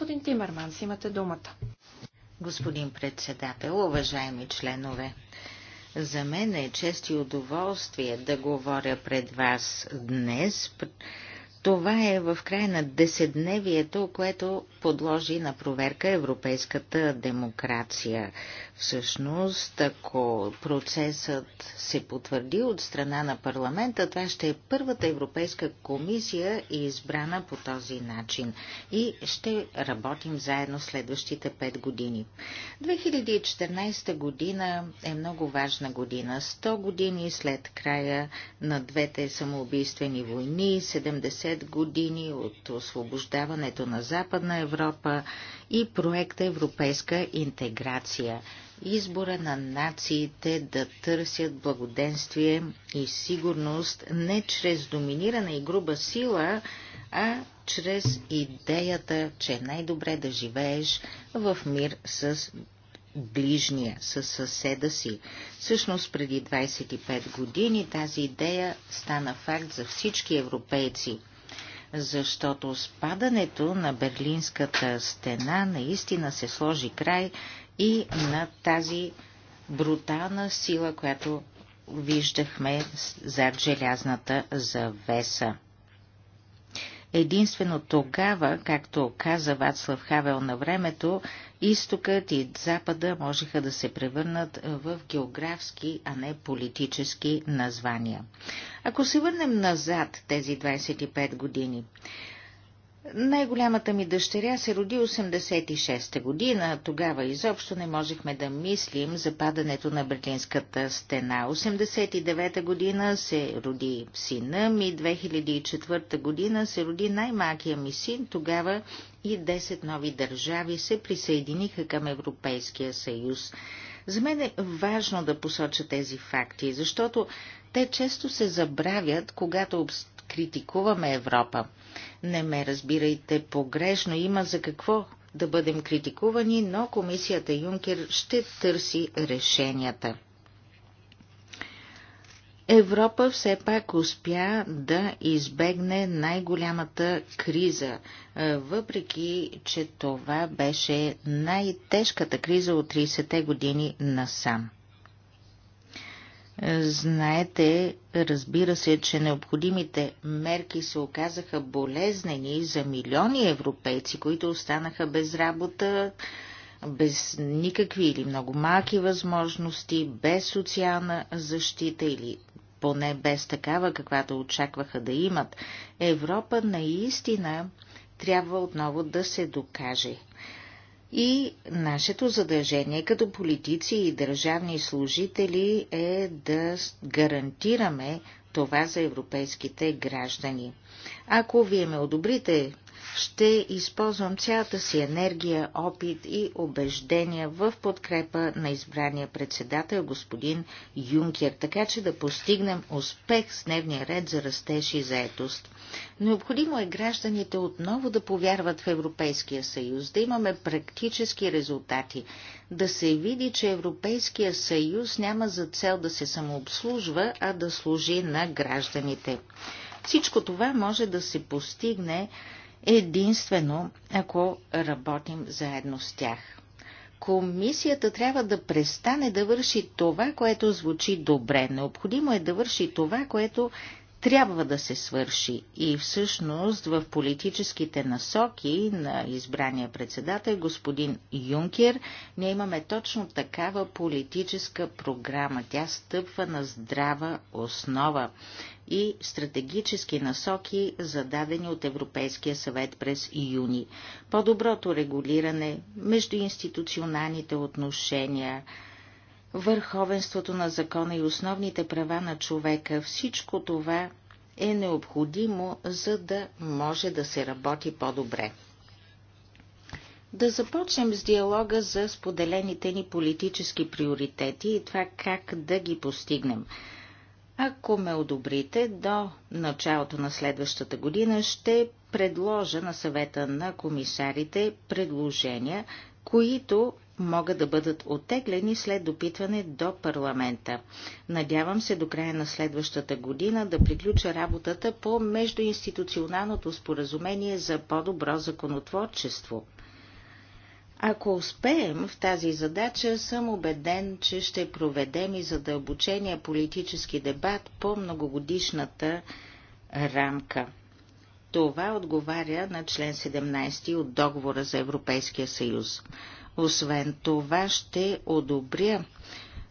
Господин Тимерманс, имате думата. Господин председател, уважаеми членове, за мен е чест и удоволствие да говоря пред вас днес. Това е в края на деседневието, което подложи на проверка европейската демокрация. Всъщност, ако процесът се потвърди от страна на парламента, това ще е първата Европейска комисия избрана по този начин и ще работим заедно следващите 5 години. 2014 година е много важна година. 100 години след края на двете самоубийствени войни, 70 години от освобождаването на Западна Европа и проекта Европейска интеграция – избора на нациите да търсят благоденствие и сигурност не чрез доминирана и груба сила, а чрез идеята, че е най-добре да живееш в мир с ближния, с съседа си. Всъщност преди 25 години тази идея стана факт за всички европейци защото спадането на Берлинската стена наистина се сложи край и на тази брутална сила, която виждахме зад желязната завеса. Единствено тогава, както каза Вацлав Хавел на времето, изтокът и запада можеха да се превърнат в географски, а не политически названия. Ако се върнем назад тези 25 години, най-голямата ми дъщеря се роди 86-та година. Тогава изобщо не можехме да мислим за падането на Берлинската стена. 89-та година се роди сина ми, 2004-та година се роди най-малкия ми син. Тогава и 10 нови държави се присъединиха към Европейския съюз. За мен е важно да посоча тези факти, защото те често се забравят, когато критикуваме Европа. Не ме разбирайте погрешно, има за какво да бъдем критикувани, но комисията Юнкер ще търси решенията. Европа все пак успя да избегне най-голямата криза, е, въпреки че това беше най-тежката криза от 30-те години насам. Знаете, разбира се, че необходимите мерки се оказаха болезнени за милиони европейци, които останаха без работа, без никакви или много малки възможности, без социална защита или поне без такава, каквато очакваха да имат. Европа наистина трябва отново да се докаже. И нашето задължение като политици и държавни служители е да гарантираме това за европейските граждани. Ако вие ме одобрите ще използвам цялата си енергия, опит и убеждения в подкрепа на избрания председател господин Юнкер, така че да постигнем успех с дневния ред за растеж и заетост. Необходимо е гражданите отново да повярват в Европейския съюз, да имаме практически резултати, да се види, че Европейския съюз няма за цел да се самообслужва, а да служи на гражданите. Всичко това може да се постигне единствено ако работим заедно с тях. Комисията трябва да престане да върши това, което звучи добре. Необходимо е да върши това, което трябва да се свърши. И всъщност в политическите насоки на избрания председател господин Юнкер ние имаме точно такава политическа програма. Тя стъпва на здрава основа и стратегически насоки, зададени от Европейския съвет през юни. По-доброто регулиране, между институционалните отношения, върховенството на закона и основните права на човека. Всичко това е необходимо, за да може да се работи по-добре. Да започнем с диалога за споделените ни политически приоритети и това как да ги постигнем. Ако ме одобрите, до началото на следващата година ще предложа на съвета на комисарите предложения, които могат да бъдат оттеглени след допитване до парламента. Надявам се до края на следващата година да приключа работата по междуинституционалното споразумение за по-добро законотворчество. Ако успеем в тази задача, съм убеден, че ще проведем и задълбочения политически дебат по многогодишната рамка. Това отговаря на член 17 от Договора за Европейския съюз. Освен това ще одобря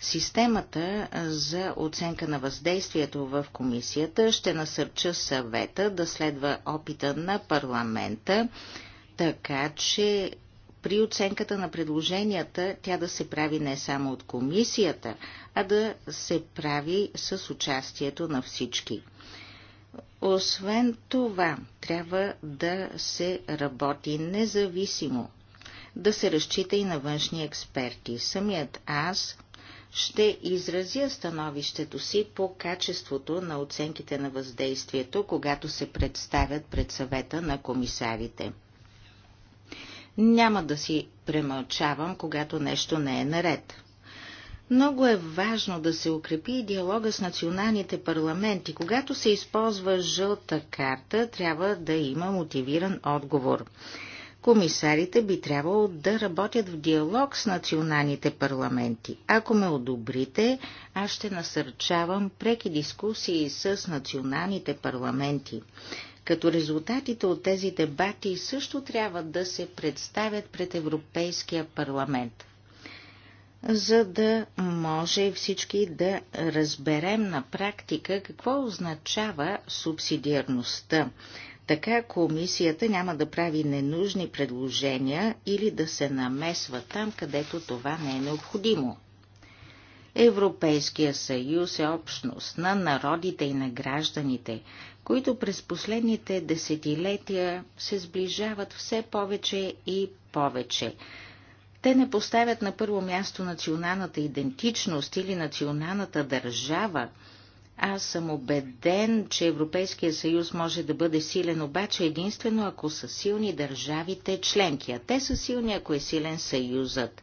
Системата за оценка на въздействието в комисията ще насърча съвета да следва опита на парламента, така че при оценката на предложенията тя да се прави не само от комисията, а да се прави с участието на всички. Освен това, трябва да се работи независимо да се разчита и на външни експерти. Самият аз ще изразя становището си по качеството на оценките на въздействието, когато се представят пред съвета на комисарите. Няма да си премълчавам, когато нещо не е наред. Много е важно да се укрепи и диалога с националните парламенти. Когато се използва жълта карта, трябва да има мотивиран отговор комисарите би трябвало да работят в диалог с националните парламенти. Ако ме одобрите, аз ще насърчавам преки дискусии с националните парламенти. Като резултатите от тези дебати също трябва да се представят пред Европейския парламент, за да може всички да разберем на практика какво означава субсидиарността така комисията няма да прави ненужни предложения или да се намесва там, където това не е необходимо. Европейския съюз е общност на народите и на гражданите, които през последните десетилетия се сближават все повече и повече. Те не поставят на първо място националната идентичност или националната държава, аз съм убеден, че Европейския съюз може да бъде силен, обаче единствено ако са силни държавите членки, а те са силни, ако е силен съюзът.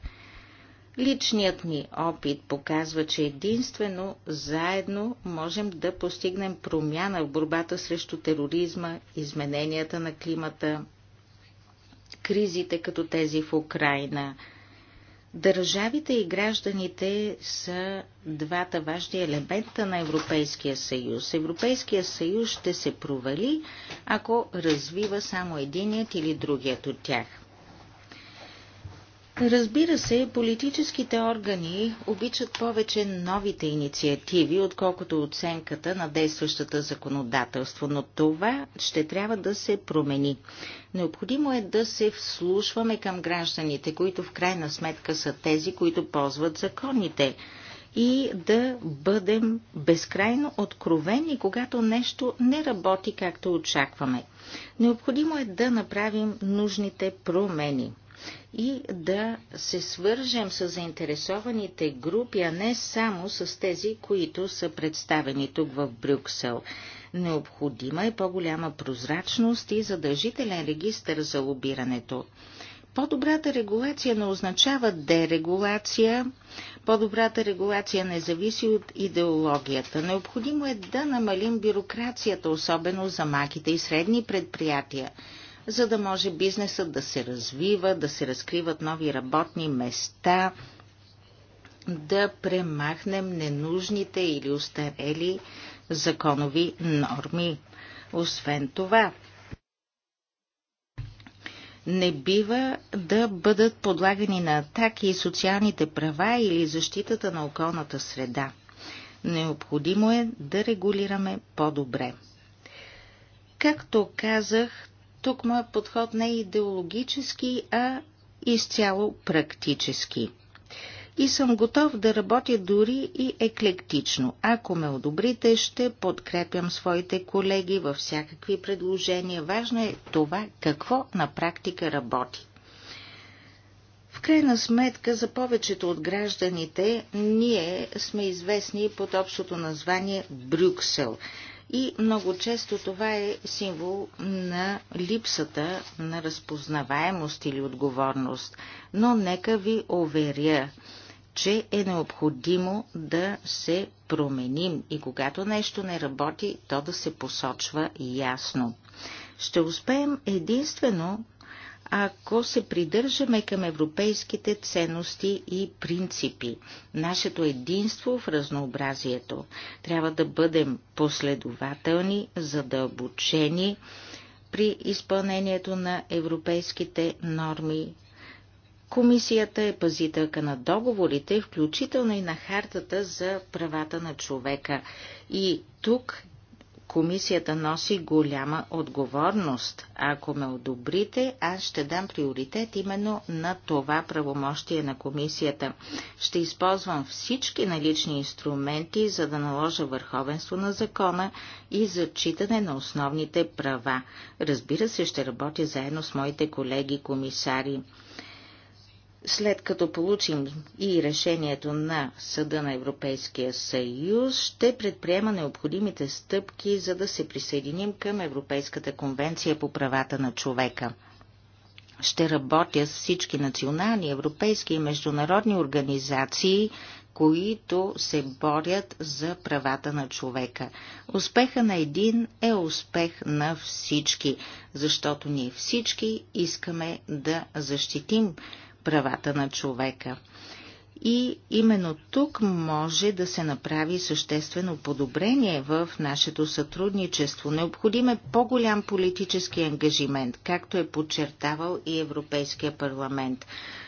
Личният ми опит показва, че единствено заедно можем да постигнем промяна в борбата срещу тероризма, измененията на климата, кризите като тези в Украина – Държавите и гражданите са двата важни елемента на Европейския съюз. Европейския съюз ще се провали, ако развива само единият или другият от тях. Разбира се, политическите органи обичат повече новите инициативи, отколкото оценката на действащата законодателство, но това ще трябва да се промени. Необходимо е да се вслушваме към гражданите, които в крайна сметка са тези, които ползват законите и да бъдем безкрайно откровени, когато нещо не работи както очакваме. Необходимо е да направим нужните промени – и да се свържем с заинтересованите групи, а не само с тези, които са представени тук в Брюксел. Необходима е по-голяма прозрачност и задължителен регистр за лобирането. По-добрата регулация не означава дерегулация, по-добрата регулация не зависи от идеологията. Необходимо е да намалим бюрокрацията, особено за маките и средни предприятия за да може бизнесът да се развива, да се разкриват нови работни места, да премахнем ненужните или устарели законови норми. Освен това, не бива да бъдат подлагани на атаки и социалните права или защитата на околната среда. Необходимо е да регулираме по-добре. Както казах, тук моят подход не е идеологически, а изцяло практически. И съм готов да работя дори и еклектично. Ако ме одобрите, ще подкрепям своите колеги във всякакви предложения. Важно е това какво на практика работи. В крайна сметка за повечето от гражданите ние сме известни под общото название Брюксел и много често това е символ на липсата на разпознаваемост или отговорност. Но нека ви уверя, че е необходимо да се променим и когато нещо не работи, то да се посочва ясно. Ще успеем единствено, ако се придържаме към европейските ценности и принципи. Нашето единство в разнообразието. Трябва да бъдем последователни, задълбочени при изпълнението на европейските норми. Комисията е пазителка на договорите, включително и на хартата за правата на човека. И тук Комисията носи голяма отговорност. Ако ме одобрите, аз ще дам приоритет именно на това правомощие на комисията. Ще използвам всички налични инструменти, за да наложа върховенство на закона и зачитане на основните права. Разбира се, ще работя заедно с моите колеги комисари. След като получим и решението на Съда на Европейския съюз, ще предприема необходимите стъпки, за да се присъединим към Европейската конвенция по правата на човека. Ще работя с всички национални, европейски и международни организации, които се борят за правата на човека. Успеха на един е успех на всички, защото ние всички искаме да защитим правата на човека. И именно тук може да се направи съществено подобрение в нашето сътрудничество. Необходим е по-голям политически ангажимент, както е подчертавал и Европейския парламент.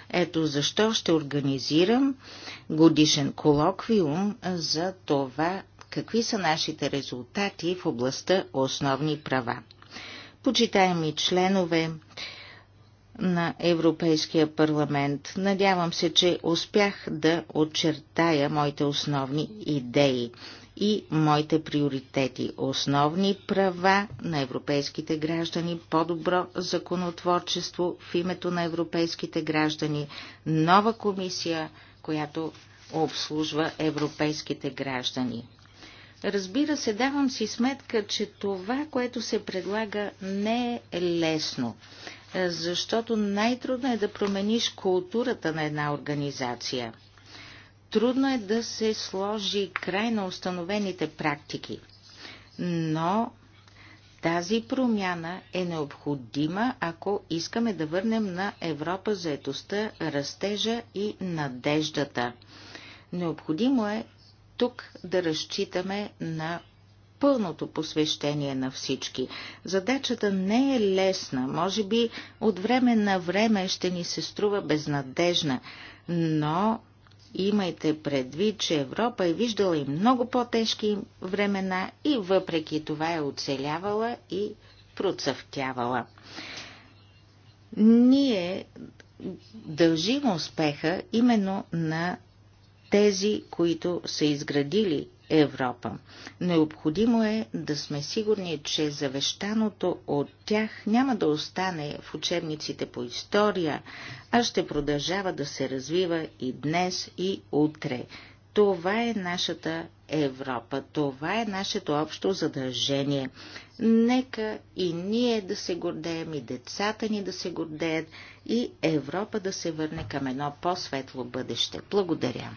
Ето защо ще организирам годишен колоквиум за това какви са нашите резултати в областта основни права. Почитаеми членове, на Европейския парламент. Надявам се, че успях да очертая моите основни идеи и моите приоритети. Основни права на европейските граждани, по-добро законотворчество в името на европейските граждани, нова комисия, която обслужва европейските граждани. Разбира се, давам си сметка, че това, което се предлага, не е лесно защото най-трудно е да промениш културата на една организация. Трудно е да се сложи край на установените практики, но тази промяна е необходима, ако искаме да върнем на Европа заетостта, растежа и надеждата. Необходимо е тук да разчитаме на пълното посвещение на всички. Задачата не е лесна, може би от време на време ще ни се струва безнадежна, но имайте предвид, че Европа е виждала и много по-тежки времена и въпреки това е оцелявала и процъфтявала. Ние дължим успеха именно на тези, които са изградили Европа. Необходимо е да сме сигурни, че завещаното от тях няма да остане в учебниците по история, а ще продължава да се развива и днес, и утре. Това е нашата Европа, това е нашето общо задължение. Нека и ние да се гордеем, и децата ни да се гордеят, и Европа да се върне към едно по-светло бъдеще. Благодаря.